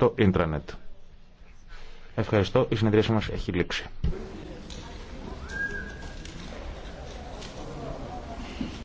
στο ίντρανετ. Ευχαριστώ. Η συνεδρίαση μας έχει λήξει.